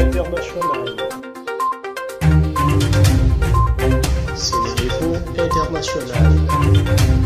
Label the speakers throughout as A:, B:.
A: International. Sénéinfo International.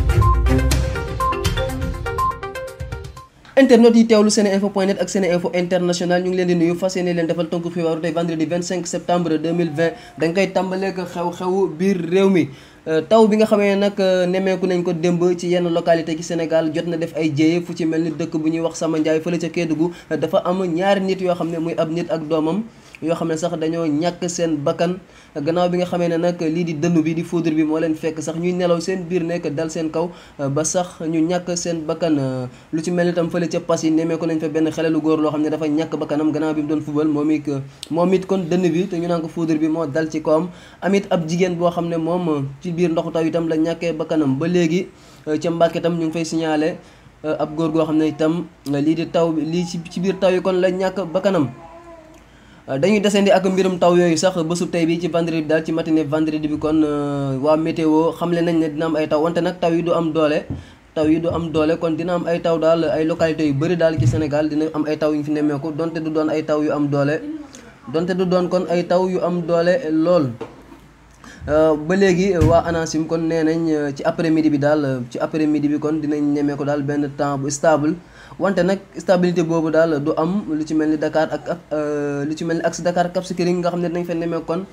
A: internet yi teewlu sene info point net ak sene info international ñu ngi leen di nuyu fas yéene leen defal tonk xibaaru tey vendredi 25 septembre 2020 koy tàmbaleeg xew-xewu biir réew mi euh, taw bi nga xamee nag euh, nemmeeku nañ ko démb ci yenn localité ci Sénégal jot na def ay jéeye fu ci mel ni dëkk bu ñuy wax Sama Ndiaye fële ca Kédougou euh, dafa am ñaari nit yoo xam ne muy ab nit ak doomam yoo xam ne sax dañoo ñàkk seen bakkan gannaaw bi nga xamee ne nag lii di dënn bi di foudre bi moo leen fekk sax ñuy nelaw seen biir nekk dal seen kaw ba sax ñu ñàkk seen bakkan lu ci mel itam fële ca pas yi nemee nañ fa benn xale góor loo xam ne dafa ñàkk bakkanam gannaaw bi mu doon fubal moom it kon dënn bi te ñu naan ko bi moo dal ci kawam amit ab jigéen boo xam ne moom ci biir ndoxu taw itam la ñàkkee bakkanam ba léegi ca Mbàkke itam ñu ngi fay signalé ab góor goo xam ne itam lii di taw lii ci biir taw yi kon la ñàkk bakkanam Euh, dañuy desandi ak mbirum taw yooyu sax bésu tey bi ci vendredi daal ci matinée vendredi bi kon euh, waa météo xamle nañ ne dina am ay taw wante nag taw yi du am doole taw yi du am doole kon dina am ay taw daal ay localités yu bëri daal ci Sénégal dina am ay taw yu ñu fi nemmeeku donte du doon ay taw yu am doole donte du doon kon ay taw yu am doole lool Euh, ba léegi euh, waa ANACIM kon nee nañ euh, ci après midi bi daal ci après midi bi kon dinañ ñemee ko daal benn temps bu stable wante nag stabilité boobu daal du am lu ci mel ni dakaar ak lu ci mel ni axe Dakar Cap Skirring nga xam ne dinañ fa nemee kon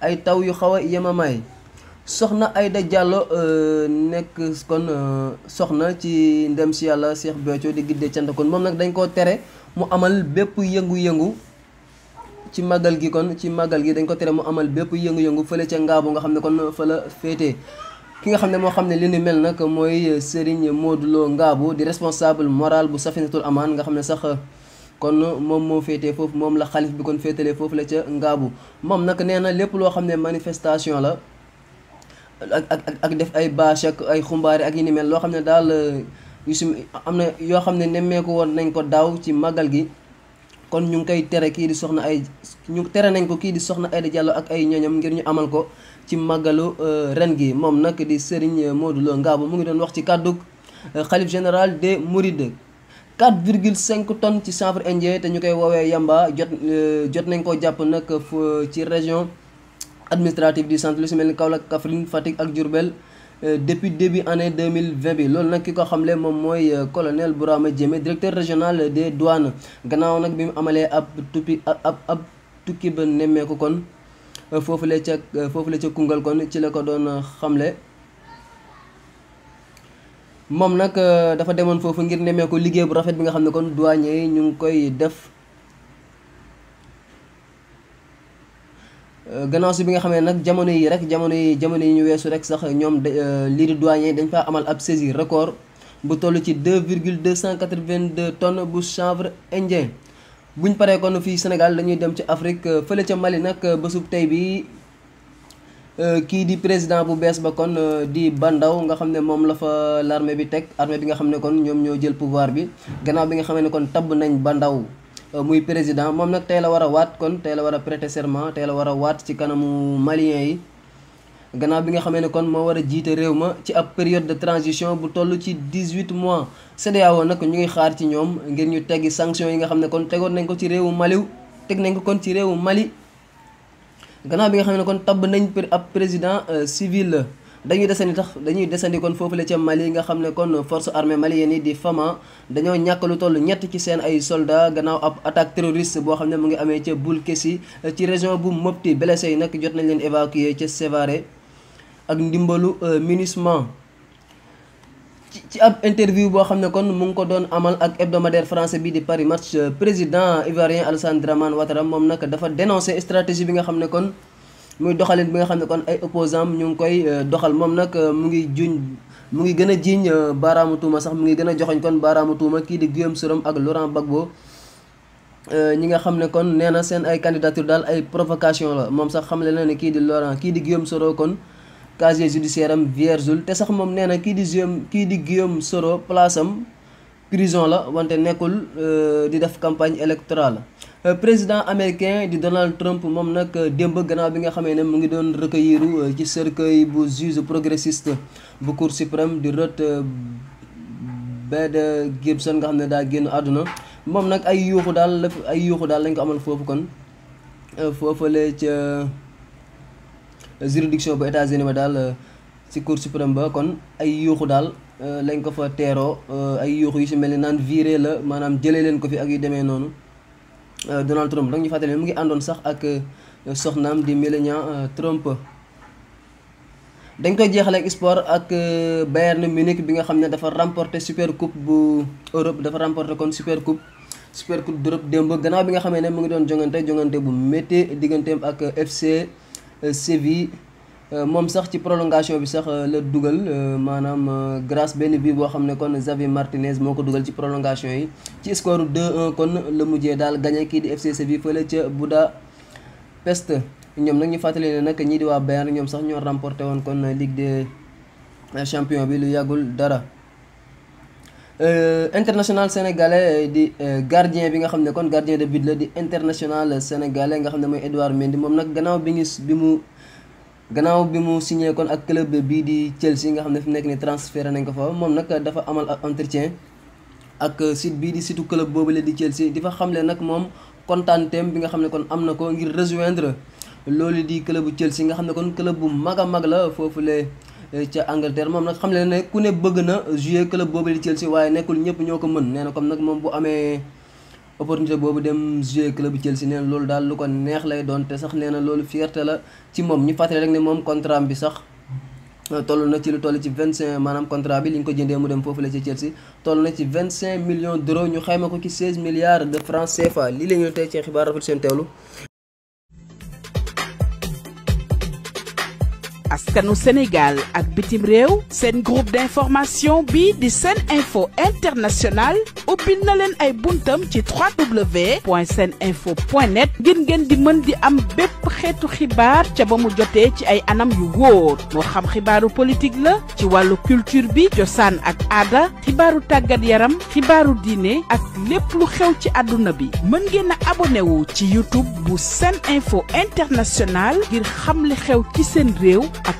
A: ay taw yu xaw a yemamaay soxna Aïda Diallo nekk kon soxna ci ndem si yàlla Cheikh Béthio di giddee cant kon moom nag dañ koo tere mu amal bépp yëngu-yëngu ci màggal gi kon ci màggal gi dañ ko tere mu amal bépp yëngu-yëngu fële ca ngaabu nga xam ne kon fa la féetee ki nga xam ne moo xam ne li mel nag mooy Serigne Modou Lo di responsable moral bu Safinatul Amaan nga xam ne sax kon moom moo féetee foofu moom la xalif bi kon féetalee foofu la ca ngaabu moom nag nee na lépp loo xam ne manifestation la ak ak ak def ay bâche ak ay xumbaari ak yi ni mel loo xam ne daal am na yoo xam ne nemmeeku woon nañ ko daaw ci màggal gi kon ñu ngi koy tere kii di soxna ay ñu tere nañ ko kii di soxna Aida Diallo ak ay ñooñam ngir ñu amal ko ci màggalu euh, ren gi moom nag di Serigne Modou Lo Ngabou mu ngi doon wax ci kàddug euh, xalif général des Mourides cinq tonnes ci chanvre indien te ñu koy woowee Yamba jot euh, jot nañ koo jàpp nag ci région administrative du centre lu si mel ni Kaolack Kaffrine Fatick ak Diourbel Euh, depuis début année 2020 bi loolu nag ki ko xamle moom mooy euh, colonel Bourama jéeme directeur régional des douanes gannaaw nag bi mu amalee ab tukki ab ab tukki ba nemmeeku kon euh, foofu la ca foofu la ca Koungheul kon ci la ko doon xamle moom nag dafa demoon foofu ngir nemmeeku liggéey bu rafet bi nga xam ne kon douanier ñu ngi koy def Euh, gannaaw si bi nga xam ne nag jamono yi rek jamono yi jamono yi ñu weesu rek sax ñoom euh, lii di douanier dañ fa amal ab saisie record bu toll ci 2 virgule 282 tonnes bu chanvre indien buñ paree kon fii Sénégal dañuy dem ci Afrique euh, fële ca Mali nag bésub tey bi kii di président bu bees ba kon di Bandaw nga xam ne moom la fa l'armée bi teg armée bi nga xam ne kon ñoom ñoo jël pouvoir bi gannaaw bi nga xam ne kon tabb nañ Bandaw Euh, muy président moom nag tey la war a waat kon tey la war a prêter serment tey la war a waat ci kanamu malien yi gannaaw bi nga xamee ne kon moo war a jiite réew ma ci ab période de transition bu toll ci 18 mois woon e nag ñu ngi xaar ci ñoom ngir ñu teggi sanction yi nga xam ne kon tegoon nañ ko ci réewu Maliw teg nañ ko kon ci réewu Mali gannaaw bi nga xam ne kon tabb nañ ab président euh, civil dañuy desandi tax dañuy desandi kon foofu la ca Mali nga xam ne kon force armée malienne yi di Fama dañoo ñàkk lu toll ñett ci seen ay soldats gannaaw ab attaque terroriste boo xam ne mu ngi amee ca Boulkessi ci région bu Mopti blessé yi nag jot na leen évacuer ca Sévaré ak ndimbalu euh, MINUSMA ci ab interview boo xam ne kon mu ngi ko doon amal ak hebdomadaire français bi di Paris Match euh, président ivoirien Alassane Dramane Ouattara moom nag dafa dénoncé stratégie bi nga xam ne kon. muy doxalin bi nga xam ne kon ay opposant ñu ngi koy euh, doxal moom nag euh, mu ngi juñ mu ngi gën a jiiñ euh, baaraamu tuuma sax mu ngi gën a joxoñ kon baaraamu tuuma kii di Guillaume Soroum ak Laurent Gbagbo ñi nga xam ne kon nee na seen ay candidature daal ay provocation la moom sax xamle na ne kii di Laurent kii di Guillaume Soro kon casier judiciaire am vierge te sax moom nee na kii di Guillaume kii di Guillaume Soro place prison la wante nekkul di def campagne électorale Euh, président américain di Donald Trump moom nag euh, démb gannaaw bi nga xamee ne mu ngi doon recueillir euh, ci cercueil bu juge progressiste bu cour suprême di Ruth Bader Gibson nga xam ne daal génn àdduna moom nag ay yuuxu daal ay yuuxu daal lañ ko amal foofu kon foofale ca juridiction bu États-Unis ba daal ci cour suprême ba kon ay yuuxu daal lañ ko fa teeroo ay yuuxu yu si mel ni naan vire la maanaam jëlee leen ko fi ak yu demee noonu Euh, Donald Trump nag ñu fàttali mu ngi àndoon sax ak euh, soxnaam di Melania euh, Trump. dañ koy jeexale ak sport ak Bayern Munich bi nga xam ne dafa remporté super coupe bu Europe dafa remporté kon super coupe super coupe d'Europe démb gannaaw bi nga xamee ne mu ngi doon jongante jongante bu métti digganteem ak FC Séville. Euh, moom sax ci prolongation bi sax euh, la dugal euh, maanaam grâce benn bi boo xam ne kon Xavi Martinez moo ko dugal ci prolongation yi ci score 2-1 kon la mujjee daal gagné kii di FC Séville fële ca Budapest ñoom nag ñu fàttali ne nag ñii di waa Bayern ñoom sax ñoo remporté woon kon Ligue des champions bi lu yàggul dara. international sénégalais di gardien bi nga xam ne kon gardien de but la di international sénégalais nga xam ne mooy Edouard Mendy moom nag gannaaw bi ngi bi mu. gannaaw bi mu signé kon ak club bi di Chelsea nga xam ne fi mu nekk nii transféré nañ ko fa moom nag dafa amal ak entretien ak sit bii di situ club boobu la di Chelsea di fa xam xamle nag moom kontaanteem bi nga xam ne kon am na ko ngir rejoindre loolu di club bu nga xam ne kon club bu mag a mag la foofu le eh, ca Angleterre moom nag xam le ne ku ne bëgg na jouer club boobu di Chelsea waaye nekkul ñëpp ñoo ko mën nee na comme nag moom bu amee. opportunité boobu dem jouer club Chelsea nee loolu daal lu ko neex lay doon te sax nee na loolu fierté la ci moom ñu fàttali rek ne moom contrat bi sax euh, toll na ci lu toll ci vingt cinq maanaam contrat bi li ñu ko jëndee mu dem foofu la ci Chelsea toll na ci vingt cinq millions d'euros xayma ko ci seize milliards de francs CFA lii la ñu tey ci xibaar rafet seen teewlu. askanu Sénégal ak bitim réew seen groupe d'information bi di seen info international ubbil na leen ay buntam ci seen www.seninfo.net ngir ngeen di mën di am bépp xeetu xibaar ca ba mu jotee ci ay anam yu wóor moo xam xibaaru politique la ci wàllu culture bi cosaan ak aada xibaaru tàggat yaram xibaaru diine ak lépp lu xew ci àdduna bi mën ngeen a abonné wu ci YouTube bu Sene Info International ngir xam li xew ci seen réew ak